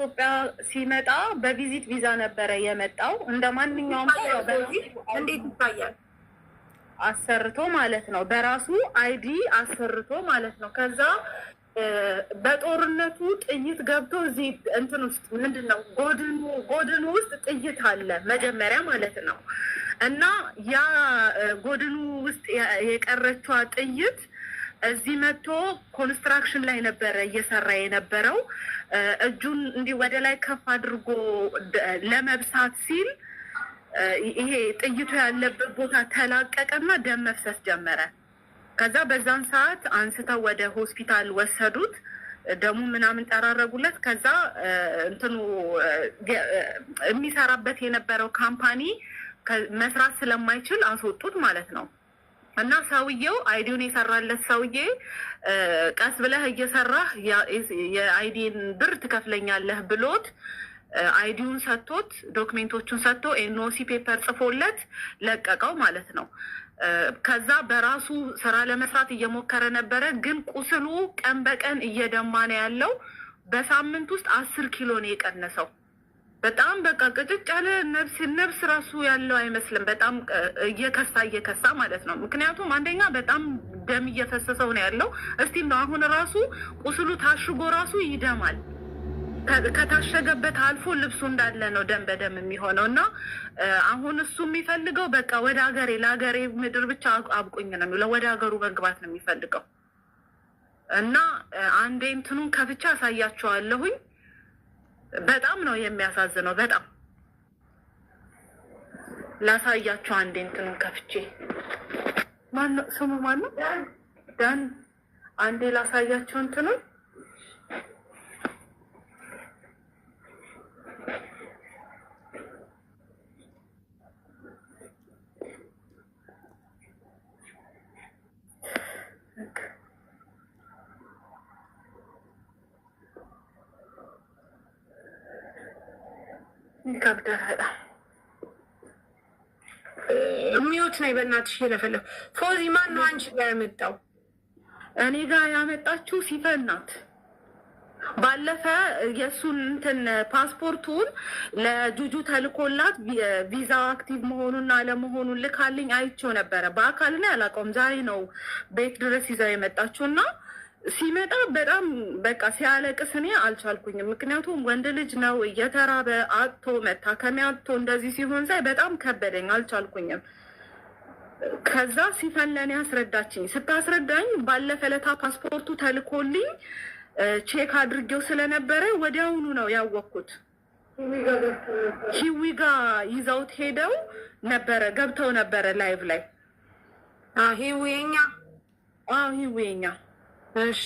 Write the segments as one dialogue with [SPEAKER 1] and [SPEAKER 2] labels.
[SPEAKER 1] ኢትዮጵያ ሲመጣ በቪዚት ቪዛ ነበረ የመጣው። እንደ ማንኛውም ሰው እንዴት ይታያል? አሰርቶ ማለት ነው። በራሱ አይዲ አሰርቶ ማለት ነው። ከዛ በጦርነቱ ጥይት ገብቶ እዚህ እንትን ውስጥ ምንድን ነው ጎድኑ ጎድኑ ውስጥ ጥይት አለ መጀመሪያ ማለት ነው። እና ያ ጎድኑ ውስጥ የቀረቿ ጥይት እዚህ መጥቶ ኮንስትራክሽን ላይ ነበረ እየሰራ የነበረው። እጁን እንዲህ ወደ ላይ ከፍ አድርጎ ለመብሳት ሲል ይሄ ጥይቱ ያለበት ቦታ ተላቀቀና ደም መፍሰስ ጀመረ። ከዛ በዛን ሰዓት አንስተው ወደ ሆስፒታል ወሰዱት። ደሙ ምናምን ጠራረጉለት። ከዛ እንትኑ የሚሰራበት የነበረው ካምፓኒ መስራት ስለማይችል አስወጡት ማለት ነው። እና ሰውየው አይዲውን የሰራለት ሰውዬ ቀስ ብለህ እየሰራህ የአይዲን ብር ትከፍለኛለህ ብሎት አይዲውን ሰጥቶት ዶክሜንቶቹን ሰጥቶ ኤንኦሲ ፔፐር ጽፎለት ለቀቀው ማለት ነው። ከዛ በራሱ ስራ ለመስራት እየሞከረ ነበረ፣ ግን ቁስሉ ቀን በቀን እየደማ ነው ያለው። በሳምንት ውስጥ አስር ኪሎ ነው የቀነሰው። በጣም በቃ ቅጭጭ ያለ ነብስ ነብስ ራሱ ያለው አይመስልም። በጣም እየከሳ እየከሳ ማለት ነው። ምክንያቱም አንደኛ በጣም ደም እየፈሰሰው ነው ያለው። እስቲም ነው አሁን ራሱ ቁስሉ ታሽጎ ራሱ ይደማል። ከታሸገበት አልፎ ልብሱ እንዳለ ነው ደም በደም የሚሆነው እና አሁን እሱ የሚፈልገው በቃ ወደ ሀገሬ ለሀገሬ ምድር ብቻ አብቁኝ ነው የሚለው። ወደ ሀገሩ መግባት ነው የሚፈልገው እና አንዴ እንትኑን ከፍቻ አሳያቸዋለሁኝ በጣም ነው የሚያሳዝነው። በጣም ላሳያችሁ አንዴ እንትኑን ከፍቼ ማነው ስሙ ማነው ዳን አንዴ ላሳያችሁ እንትኑን ይከብዳል በጣም የሚወት ነው። በእናትሽ የለፈለፍ ፎዚ ማን ነው አንቺ ጋር ያመጣው? እኔ ጋር ያመጣችው ሲፈን ናት። ባለፈ የእሱን እንትን ፓስፖርቱን ለጁጁ ተልኮላት ቪዛ አክቲቭ መሆኑን አለመሆኑን ልካልኝ አይቼው ነበረ። በአካል ላይ አላውቀውም። ዛሬ ነው ቤት ድረስ ይዛው የመጣችው እና ሲመጣ በጣም በቃ ሲያለቅስ እኔ አልቻልኩኝም። ምክንያቱም ወንድ ልጅ ነው እየተራበ አጥቶ መታከሚያ አጥቶ እንደዚህ ሲሆን ሳይ በጣም ከበደኝ፣ አልቻልኩኝም። ከዛ ሲፈለኔ አስረዳችኝ። ስታስረዳኝ ባለፈ ለታ ፓስፖርቱ ተልኮልኝ ቼክ አድርጌው ስለነበረ ወዲያውኑ ነው ያወቅኩት። ሂዊ ጋ ይዘውት ሄደው ነበረ ገብተው ነበረ ላይቭ ላይ ሂዊኛ ሂዊኛ እሺ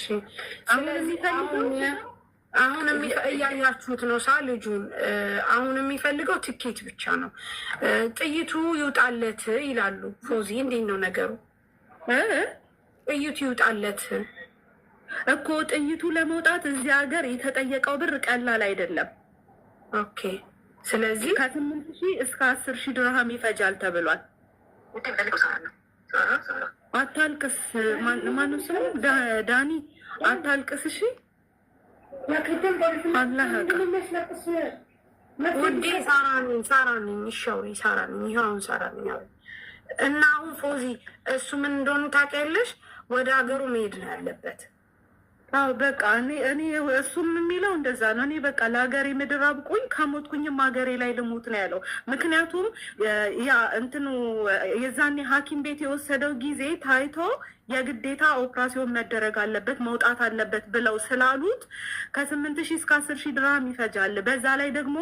[SPEAKER 1] አሁን እያያችሁት ነው ሳ ልጁን አሁን የሚፈልገው ትኬት ብቻ ነው። ጥይቱ ይውጣለት ይላሉ። ፎዚ እንዴት ነው ነገሩ? ጥይቱ ይውጣለት እኮ ጥይቱ ለመውጣት እዚህ ሀገር የተጠየቀው ብር ቀላል አይደለም። ኦኬ ስለዚህ ከስምንት ሺህ እስከ አስር ሺህ ድርሃም ይፈጃል ተብሏል። አታልቅስ። ማነው ስሙ? ዳኒ አታልቅስ። እሺ አላህ ውዴ ሳራ ነኝ፣ ሳራ ነኝ። ይሻው ሳራ ነኝ። ሳራ ነኝ አሉ እና አሁን ፎዚ እሱ ምን እንደሆነ ታውቂያለሽ? ወደ ሀገሩ መሄድ ነው ያለበት አዎ በቃ እኔ እኔ እሱም የሚለው እንደዛ ነው። እኔ በቃ ለሀገሬ ምድር አብቁኝ ከሞትኩኝም ሀገሬ ላይ ልሙት ነው ያለው። ምክንያቱም ያ እንትኑ የዛኔ ሐኪም ቤት የወሰደው ጊዜ ታይቶ የግዴታ ኦፕራሲዮን መደረግ አለበት መውጣት አለበት ብለው ስላሉት ከስምንት ሺህ እስከ አስር ሺህ ድራም ይፈጃል። በዛ ላይ ደግሞ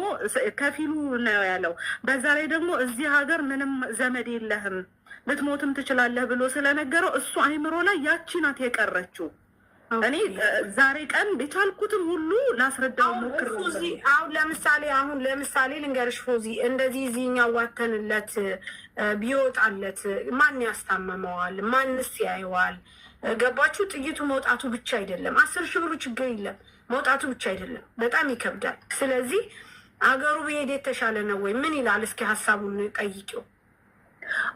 [SPEAKER 1] ከፊሉ ነው ያለው። በዛ ላይ ደግሞ እዚህ ሀገር ምንም ዘመድ የለህም ልትሞትም ትችላለህ ብሎ ስለነገረው እሱ አይምሮ ላይ ያቺ ናት የቀረችው። እኔ ዛሬ ቀን የቻልኩትን ሁሉ ላስረዳው ሞክር። አሁን ለምሳሌ አሁን ለምሳሌ ልንገርሽ ፎዚ እንደዚህ እዚህኛው ዋተንለት ቢወጣለት ማን ያስታመመዋል? ማንስ ያየዋል? ገባችሁ? ጥይቱ መውጣቱ ብቻ አይደለም። አስር ሺህ ብሩ ችግር የለም መውጣቱ ብቻ አይደለም። በጣም ይከብዳል። ስለዚህ አገሩ ብሄድ የተሻለ ነው ወይ ምን ይላል? እስኪ ሀሳቡን ጠይቂው።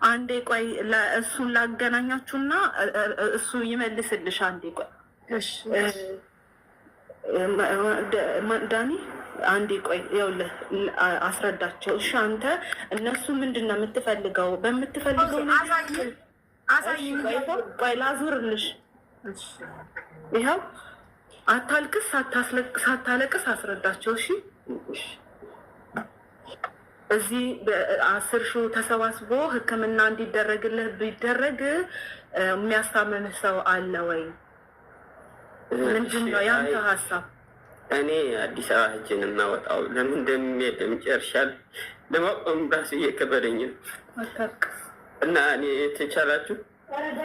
[SPEAKER 1] አንዴ ቆይ እሱን ላገናኛችሁና እሱ ይመልስልሽ። አንዴ ቆይ ዳኒ አንዴ ቆይ፣ ይኸውልህ አስረዳቸው። እሺ አንተ እነሱ ምንድን ነው የምትፈልገው? በምትፈልገው ቆይ ላዙርልሽ። ይኸው አታልቅስ፣ ሳታለቅስ አስረዳቸው። እሺ እዚህ በአስር ሺው ተሰባስቦ ሕክምና እንዲደረግልህ ቢደረግ የሚያስታምምህ ሰው አለ ወይ? ምንድን ነው ያንተ ሀሳብ? እኔ አዲስ አበባ ሂጅ እናወጣው ለምን እንደሚሄድ ምጨርሻል ለማቆም ራሱ እየከበደኝ ነው እና እኔ የተቻላችሁ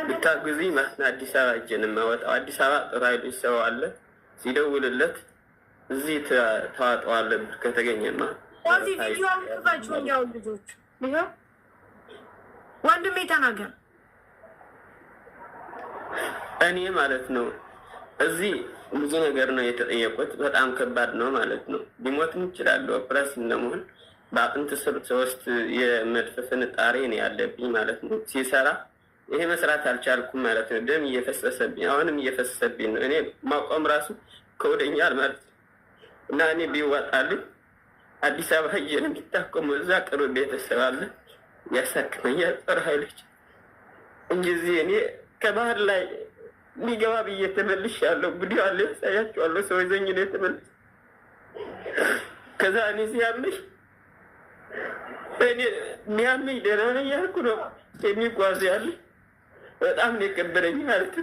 [SPEAKER 1] ብታጉዚ ማስና አዲስ አበባ ሂጅ ነው የማወጣው። አዲስ አበባ ጥሩ ኃይሉ ሰው አለ ሲደውልለት እዚህ ተዋጠዋለ ብር ከተገኘማ እዚህ ቪዲዮ ልጆች ወንድሜ ተናገር እኔ ማለት ነው እዚህ ብዙ ነገር ነው የተጠየቁት። በጣም ከባድ ነው ማለት ነው። ሊሞትም ይችላሉ። ኦፕራሲን ለመሆን በአጥንት ስር ሶስት የመድፍ ፍንጣሬ ነው ያለብኝ ማለት ነው። ሲሰራ ይሄ መስራት አልቻልኩም ማለት ነው። ደም እየፈሰሰብኝ አሁንም እየፈሰሰብኝ ነው። እኔ ማቆም ራሱ ከወደኛል ማለት ነው እና እኔ ቢዋጣልኝ አዲስ አበባ ሄጄ ነው የሚታከመው። እዛ ቅርብ ቤተሰብ አለ ያሳክመኛል፣ ጦር ኃይሎች እንጂ እዚህ እኔ ከባህር ላይ ሊገባ ብዬ ተመልሽ ያለው እንግዲህ አለ ያሳያቸዋለሁ። ሰው ይዘኝ ነው የተመለስ። ከዛ እኔ ሲያምሽ እኔ ሚያምኝ ደህና ነኝ ያልኩ ነው የሚጓዙ ያለ በጣም ነው የቀበረኝ ማለት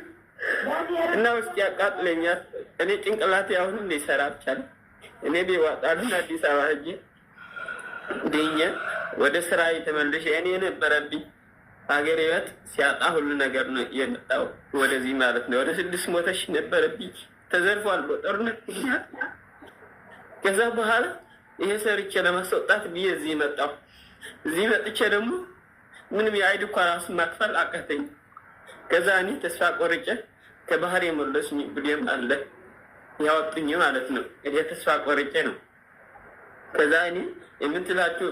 [SPEAKER 1] እና ውስጥ ያቃጥለኛል። እኔ ጭንቅላቴ አሁንም ሰራ ብቻለ እኔ ቤዋጣልን አዲስ አበባ ህጅ ድኜ ወደ ስራ የተመልሽ እኔ ነበረብኝ ሀገር ህይወት ሲያጣ ሁሉ ነገር ነው የመጣው ወደዚህ ማለት ነው። ወደ ስድስት ሞተች ነበረብኝ ተዘርፏል በጦርነት ምክንያት። ከዛ በኋላ ይሄ ሰርቼ ለማስወጣት ብዬ እዚህ መጣሁ። እዚህ መጥቼ ደግሞ ምንም የአይድ እኳ ራሱ ማክፈል አቀተኝ። ከዛ እኔ ተስፋ ቆርጨ ከባህር የመለሱኝ ብዴም አለ ያወጡኝ ማለት ነው። እኔ ተስፋ ቆርጨ ነው ከዛ እኔ የምትላችሁ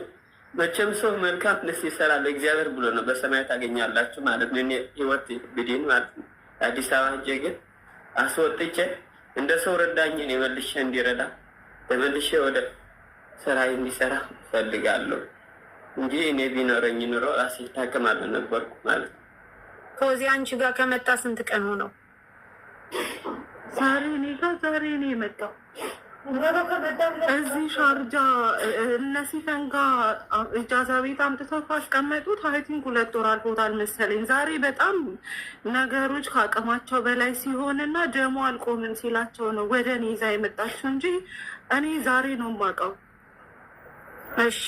[SPEAKER 1] መቼም ሰው መልካም ደስ ይሰራል እግዚአብሔር ብሎ ነው በሰማያት ታገኛላችሁ ማለት ነው። እኔ ህይወት ብድን ማለት ነው። አዲስ አበባ ሄጄ ግን አስወጥቼ እንደ ሰው ረዳኝ የመልሼ እንዲረዳ ተመልሼ ወደ ስራ እንዲሰራ ፈልጋለሁ እንጂ እኔ ቢኖረኝ ኑሮ ራሴ ታቅም ነበርኩ ማለት ነው። ከዚ አንቺ ጋር ከመጣ ስንት ቀን ሆነው? ዛሬ እኔ ጋር ዛሬ እኔ የመጣው እዚህ ሻርጃ እነሲፈን ጋር እጃዛ ቤት አምጥተው ካስቀመጡት አይቲንክ ሁለት ወር አልፎታል መሰለኝ። ዛሬ በጣም ነገሮች ከአቅማቸው በላይ ሲሆን እና ደሞ አልቆምን ሲላቸው ነው ወደ እኔ ይዛ የመጣችው እንጂ እኔ ዛሬ ነው የማውቀው። እሺ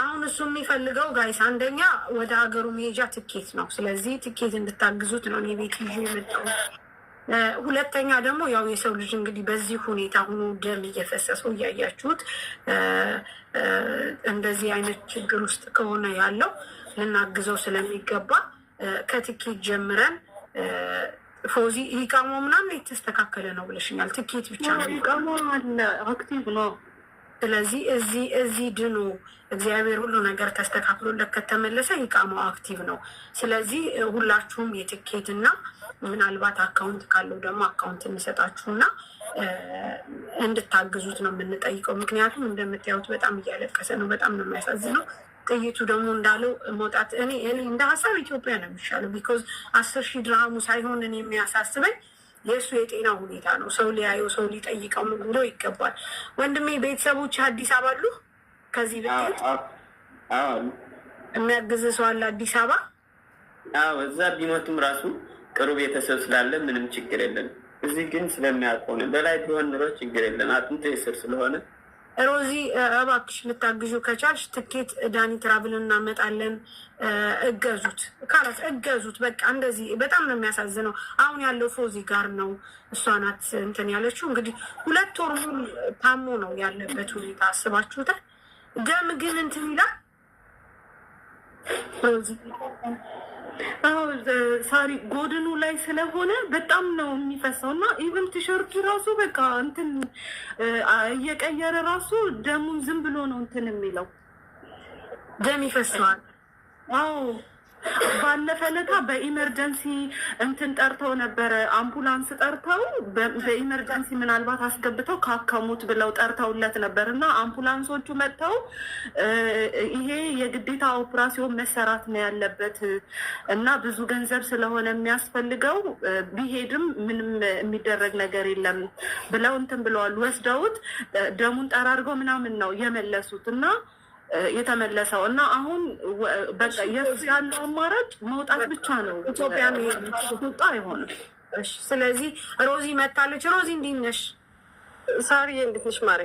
[SPEAKER 1] አሁን እሱ የሚፈልገው ጋይስ አንደኛ ወደ ሀገሩ መሄጃ ትኬት ነው። ስለዚህ ትኬት እንድታግዙት ነው እኔ ቤት ይዤ የመጣሁት። ሁለተኛ ደግሞ ያው የሰው ልጅ እንግዲህ በዚህ ሁኔታ ሁኖ ደም እየፈሰሰው እያያችሁት እንደዚህ አይነት ችግር ውስጥ ከሆነ ያለው ልናግዘው ስለሚገባ ከትኬት ጀምረን ፎዚ ኢቃሞ ምናምን የተስተካከለ ነው ብለሽኛል። ትኬት ብቻ ነው ኢቃሞ አለ አክቲቭ ነው ስለዚህ እዚህ እዚህ ድኑ እግዚአብሔር ሁሉ ነገር ተስተካክሎለት ከተመለሰ ኢቃማው አክቲቭ ነው። ስለዚህ ሁላችሁም የትኬት እና ምናልባት አካውንት ካለው ደግሞ አካውንት እንሰጣችሁና እንድታግዙት ነው የምንጠይቀው። ምክንያቱም እንደምታዩት በጣም እያለቀሰ ነው። በጣም ነው የሚያሳዝነው። ጥይቱ ደግሞ እንዳለው መውጣት እኔ እንደ ሀሳብ ኢትዮጵያ ነው የሚሻለው። ቢኮዝ አስር ሺህ ድርሃሙ ሳይሆን እኔ የሚያሳስበኝ የእሱ የጤና ሁኔታ ነው። ሰው ሊያየው ሰው ሊጠይቀው ምን ብሎ ይገባል። ወንድሜ ቤተሰቦች አዲስ አበባ አሉ። ከዚህ በፊት የሚያግዝ ሰው አለ አዲስ አበባ? አዎ፣ እዛ ቢሞትም ራሱ ቅሩ ቤተሰብ ስላለ ምንም ችግር የለም። እዚህ ግን ስለሚያውቀው በላይ ቢሆን ኑሮ ችግር የለም። አጥንት ስር ስለሆነ ሮዚ እባክሽ ልታግዡ ከቻልሽ ትኬት ዳኒ ትራቭል እናመጣለን፣ እገዙት ካላት እገዙት። በቃ እንደዚህ በጣም ነው የሚያሳዝነው። አሁን ያለው ፎዚ ጋር ነው፣ እሷ ናት እንትን ያለችው። እንግዲህ ሁለት ወር ሙሉ ታሞ ነው ያለበት ሁኔታ አስባችሁታል። ደም ግን እንትን ይላል ሮዚ ሳሪ ጎድኑ ላይ ስለሆነ በጣም ነው የሚፈሰው እና ኢቨን ቲሸርቱ ራሱ በቃ እንትን እየቀየረ ራሱ ደሙን ዝም ብሎ ነው እንትን የሚለው ደም ይፈሰዋል። አዎ ባለፈ ለታ በኢመርጀንሲ እንትን ጠርተው ነበረ፣ አምቡላንስ ጠርተው በኢመርጀንሲ ምናልባት አስገብተው ካከሙት ብለው ጠርተውለት ነበር እና አምቡላንሶቹ መጥተው ይሄ የግዴታ ኦፕራሲዮን መሰራት ነው ያለበት እና ብዙ ገንዘብ ስለሆነ የሚያስፈልገው ቢሄድም ምንም የሚደረግ ነገር የለም ብለው እንትን ብለዋል። ወስደውት ደሙን ጠራርገው ምናምን ነው የመለሱት እና የተመለሰው እና አሁን የሱ ያለው አማራጭ መውጣት ብቻ ነው። ኢትዮጵያ ወጣ አይሆንም። ስለዚህ ሮዚ መታለች። ሮዚ እንዴት ነሽ? ሳሪ እንዴት ነሽ? ማሬ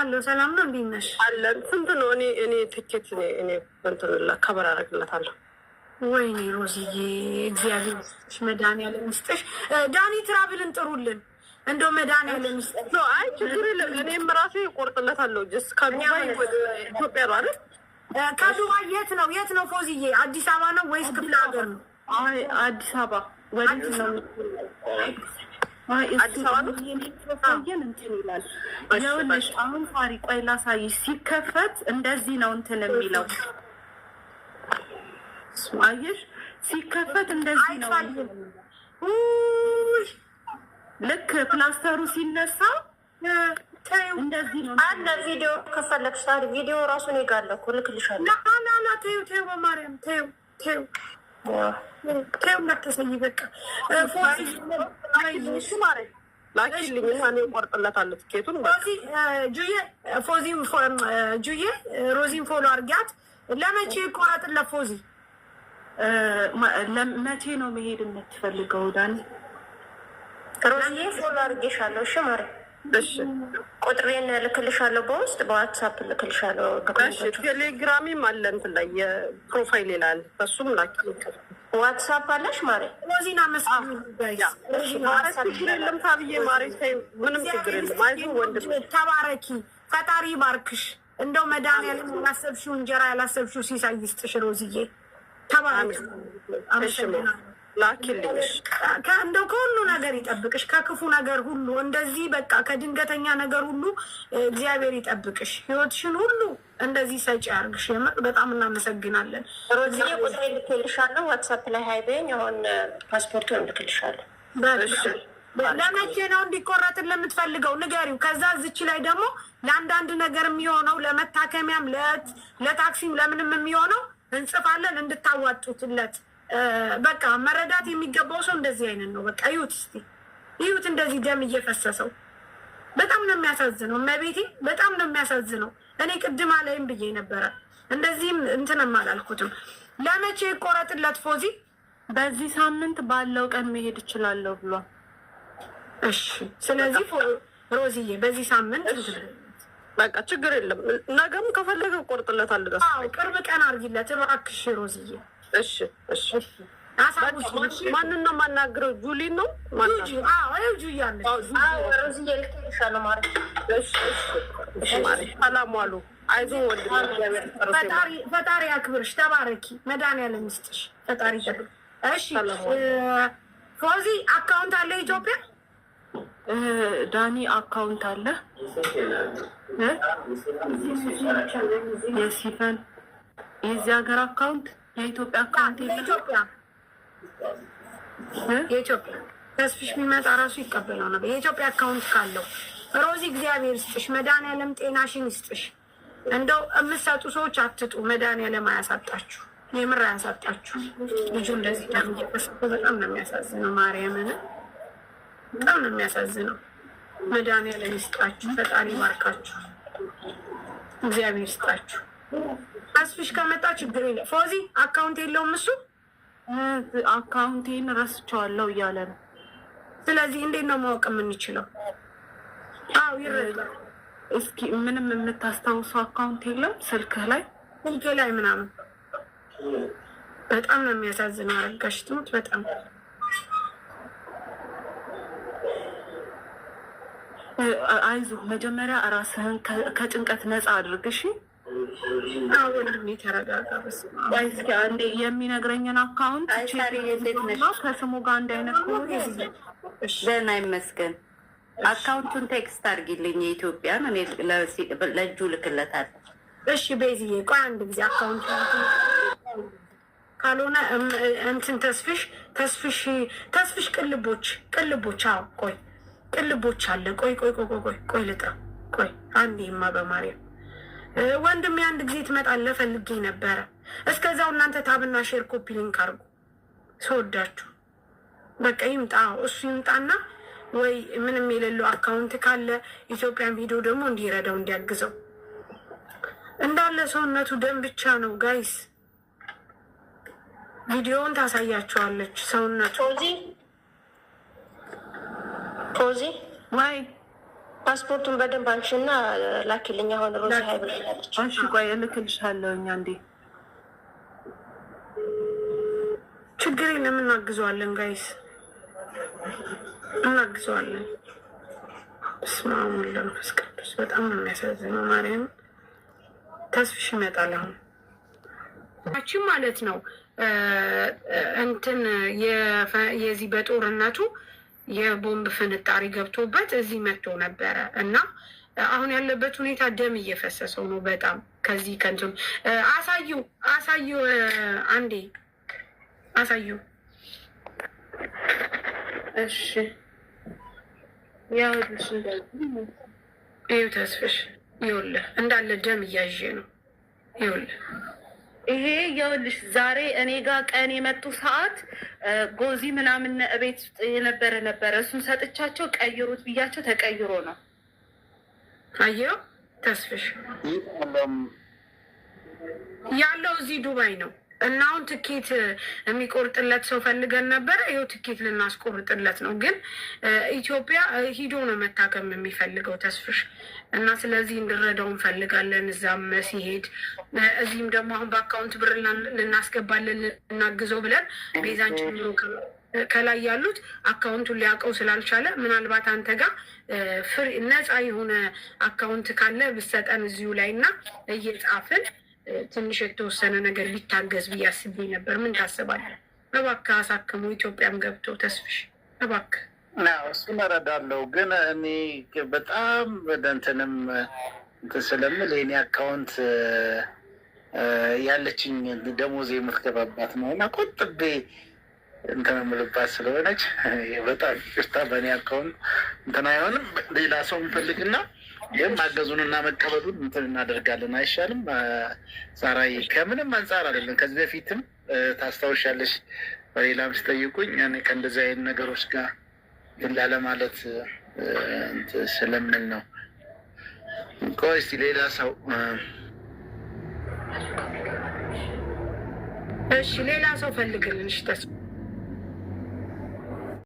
[SPEAKER 1] አለ ሰላም ነው። እንዴት ነሽ? አለን። ስንት ነው? እኔ እኔ ትኬት እኔ ንትላ ከበር አደርግለታለሁ። ወይኔ ሮዚዬ፣ እግዚአብሔር ይስጥሽ፣ መድኃኒዓለም ይስጥሽ። ዳኒ ትራብልን ጥሩልን እንደው መድኃኒዓለም ይስጠን። አይ ችግር የለም። እኔም ራሴ እቆርጥለታለሁ። ጀስ ከዱባይ ወደ ኢትዮጵያ ነው አይደል? ከዱባይ የት ነው የት ነው ፎዝዬ? አዲስ አበባ ነው ወይስ ክፍለ ሀገር ነው? አይ አዲስ አበባ ወዴት ነው? አዲስ አበባ ነው እንትን ይላል። ይኸውልሽ አሁን ኳሪ ቆይ ላሳይሽ። ሲከፈት እንደዚህ ነው እንትን የሚለው አየሽ? ሲከፈት እንደዚህ ነው ልክ ፕላስተሩ ሲነሳ እንደዚህ አለ። ቪዲዮ ከፈለግሽ አይደል? ቪዲዮ ራሱን ይጋለሁ እኮ ልክልሻለሁ። ላላላ ተዩ ተዩ፣ በማርያም ተዩ ተዩ ተዩ፣ እንዳትሰይ በቃ ማረ ላኪልኝ እና እኔ እቆርጥለታለሁ ትኬቱን። ጁዬ ፎዚ ጁዬ ሮዚን ፎሎ አርጊያት። ለመቼ ይቆረጥለት ፎዚ? መቼ ነው መሄድ የምትፈልገው ዳኒ? ሮዚዬ ፎሎ አድርጌሻለሁ። እሺ ማሪ ቁጥሬን ልክልሻለሁ፣ በውስጥ በዋትሳፕ ልክልሻለሁ። ቴሌግራሚም አለ እንትን ላይ የፕሮፋይል ይላል፣ በሱም ላ ዋትሳፕ አለሽ ማሪ? ሮዚና ችግር የለም ታብዬ ማሪ፣ ምንም ችግር የለም። አይዞ ተባረኪ፣ ፈጣሪ ባርክሽ። እንደው መድኃኒዓለም ያላሰብሽው እንጀራ ያላሰብሽው ሲሳይ ይስጥሽ ሮዝዬ፣ ተባረኪ። አመሰግናለሁ። ላኪልሽ ከእንደው ከሁሉ ነገር ይጠብቅሽ፣ ከክፉ ነገር ሁሉ እንደዚህ በቃ ከድንገተኛ ነገር ሁሉ እግዚአብሔር ይጠብቅሽ። ህይወትሽን ሁሉ እንደዚህ ሰጪ ያርግሽ። በጣም እናመሰግናለን። ሮዚ ቁጥሬ ልክልሻለሁ፣ ዋትሳፕ ላይ ሀይበኝ። አሁን ፓስፖርቱ ልክልሻለሁ። ለመቼ ነው እንዲቆረጥን ለምትፈልገው ንገሪው። ከዛ ዝች ላይ ደግሞ ለአንዳንድ ነገር የሚሆነው ለመታከሚያም፣ ለታክሲም፣ ለምንም የሚሆነው እንጽፋለን እንድታዋጡትለት በቃ መረዳት የሚገባው ሰው እንደዚህ አይነት ነው። በቃ ይሁት እስኪ ይሁት እንደዚህ ደም እየፈሰሰው በጣም ነው የሚያሳዝነው። እመቤቴ በጣም ነው የሚያሳዝነው። እኔ ቅድም ላይም ብዬ ነበረ እንደዚህም እንትንም አላልኩትም። ለመቼ ይቆረጥለት ፎዚ በዚህ ሳምንት ባለው ቀን መሄድ እችላለሁ ብሏል። እሺ፣ ስለዚህ ሮዚዬ በዚህ ሳምንት በቃ ችግር የለም። ነገም ከፈለገ እቆርጥለታለሁ። ቅርብ ቀን አድርጊለት እባክሽ ሮዚዬ። እሺ እሺ። ማንን ነው የማናግረው? ጁሊ ነው ዋሉ። ፈጣሪ አክብርሽ፣ ተባረኪ። መድኃኒዓለም ይስጥሽ ፈጣሪ። እሺ ፎዚ አካውንት አለ ኢትዮጵያ ዳኒ አካውንት አለ የሲፈን የዚህ ሀገር አካውንት የኢትዮጵያ አካውንት የኢትዮጵያ ተስፍሽ የሚመጣ ራሱ ይቀበለው ነበር። የኢትዮጵያ አካውንት ካለው ሮዚ እግዚአብሔር ይስጥሽ፣ መድኃኒዓለም ጤናሽን ይስጥሽ። እንደው የምትሰጡ ሰዎች አትጡ፣ መድኃኒዓለም አያሳጣችሁ፣ የምር አያሳጣችሁ። ልጁ እንደዚህ በጣም ነው የሚያሳዝነው። ማርያምን በጣም ነው የሚያሳዝነው። መድኃኒዓለም ይስጣችሁ፣ ፈጣሪ እግዚአብሔር ይስጣችሁ። አስፍሽ ከመጣ ችግር የለም። ፎዚ አካውንት የለውም እሱ አካውንቴን ረስቸዋለሁ እያለ ነው። ስለዚህ እንዴት ነው ማወቅ የምንችለው? አዎ ይረዳል። እስኪ ምንም የምታስታውሱ አካውንት የለም ስልክህ ላይ ስልክ ላይ ምናምን። በጣም ነው የሚያሳዝነው። አረጋሽ ትሙት በጣም አይዞህ። መጀመሪያ ራስህን ከጭንቀት ነፃ አድርግ እሺ። ወንድሜ ተረጋጋ። እስኪ አንዴ የሚነግረኝን አካውንት ከስሙ ጋር እንዳይነት ደህና ይመስገን። አካውንቱን ቴክስት አድርጊልኝ የኢትዮጵያን ለእጁ ልክለታል። እሺ ቤዝዬ፣ ቆይ አንድ ጊዜ አካውንት ካልሆነ እንትን ተስፍሽ ተስፍሽ ተስፍሽ ቅልቦች ቅልቦች። አዎ ቆይ ቅልቦች አለ። ቆይ ቆይ ቆይ ቆይ ቆይ ቆይ በማርያም ወንድም የአንድ ጊዜ ትመጣለህ ፈልጌ ነበረ። እስከዛው እናንተ ታብና ሼር ኮፒ ሊንክ አድርጉ። ሰወዳችሁ በቃ ይምጣ እሱ ይምጣና ወይ ምንም የሌለው አካውንት ካለ ኢትዮጵያን ቪዲዮ ደግሞ እንዲረዳው እንዲያግዘው። እንዳለ ሰውነቱ ደም ብቻ ነው ጋይስ። ቪዲዮውን ታሳያቸዋለች ሰውነቱ ፖዚ ፖዚ ዋይ ፓስፖርቱን በደንብ አንሽና ላኪልኝ። አሁን ሮዚ ሀይ ብላለች። እሺ ቆይ እኛ እንዴ ችግር የለም እናግዘዋለን። ጋይስ እናግዘዋለን። በስመ አብ ቅዱስ። በጣም ነው የሚያሳዝነው። ማርያም ተስፍሽ ይመጣል። አሁን ችን ማለት ነው እንትን የዚህ በጦርነቱ የቦምብ ፍንጣሪ ገብቶበት እዚህ መጥቶ ነበረ እና አሁን ያለበት ሁኔታ ደም እየፈሰሰው ነው። በጣም ከዚህ ከንትን አሳዩ አሳዩ አንዴ አሳዩ። እሺ ያሉሽ ተስፍሽ ይኸውልህ እንዳለ ደም እያዤ ነው ይኸውልህ ይሄ የውልሽ ዛሬ እኔ ጋር ቀን የመጡ ሰዓት ጎዚ ምናምን እቤት የነበረ ነበረ እሱን ሰጥቻቸው ቀይሩት ብያቸው ተቀይሮ ነው። አየው ተስፍሽ ያለው እዚህ ዱባይ ነው። እና አሁን ትኬት የሚቆርጥለት ሰው ፈልገን ነበረ። ይኸው ትኬት ልናስቆርጥለት ነው፣ ግን ኢትዮጵያ ሂዶ ነው መታከም የሚፈልገው ተስፍሽ እና ስለዚህ እንድረዳው እንፈልጋለን። እዛም ሲሄድ እዚህም ደግሞ አሁን በአካውንት ብር ልናስገባለን ልናግዘው ብለን ቤዛን ጨምሮ ከላይ ያሉት አካውንቱን ሊያውቀው ስላልቻለ ምናልባት አንተ ጋር ፍሪ ነፃ የሆነ አካውንት ካለ ብሰጠን እዚሁ ላይ እና እየጻፍን ትንሽ የተወሰነ ነገር ሊታገዝ ብዬ አስቤ ነበር። ምን ታስባለህ? እባክህ አሳክሙ። ኢትዮጵያም ገብቶ ተስፍሽ እባክህ ነው እሱን እረዳለሁ። ግን እኔ በጣም በእንትንም ስለምል የኔ አካውንት ያለችኝ ደሞዝ የምትገባባት ነው እና ቆጥቤ እንትን የምልባት ስለሆነች በጣም ቅርታ በእኔ አካውንት እንትን አይሆንም። ሌላ ሰው የምፈልግና ይህም ማገዙን እና መቀበሉን እንትን እናደርጋለን። አይሻልም? ዛራይ ከምንም አንጻር አይደለም። ከዚህ በፊትም ታስታውሻለሽ፣ በሌላም ሲጠይቁኝ ከእንደዚህ አይነት ነገሮች ጋር ላለማለት ስለምል ነው። ቆይ እስኪ ሌላ ሰው እሺ፣ ሌላ ሰው ፈልግልን። እሺ ተስፋ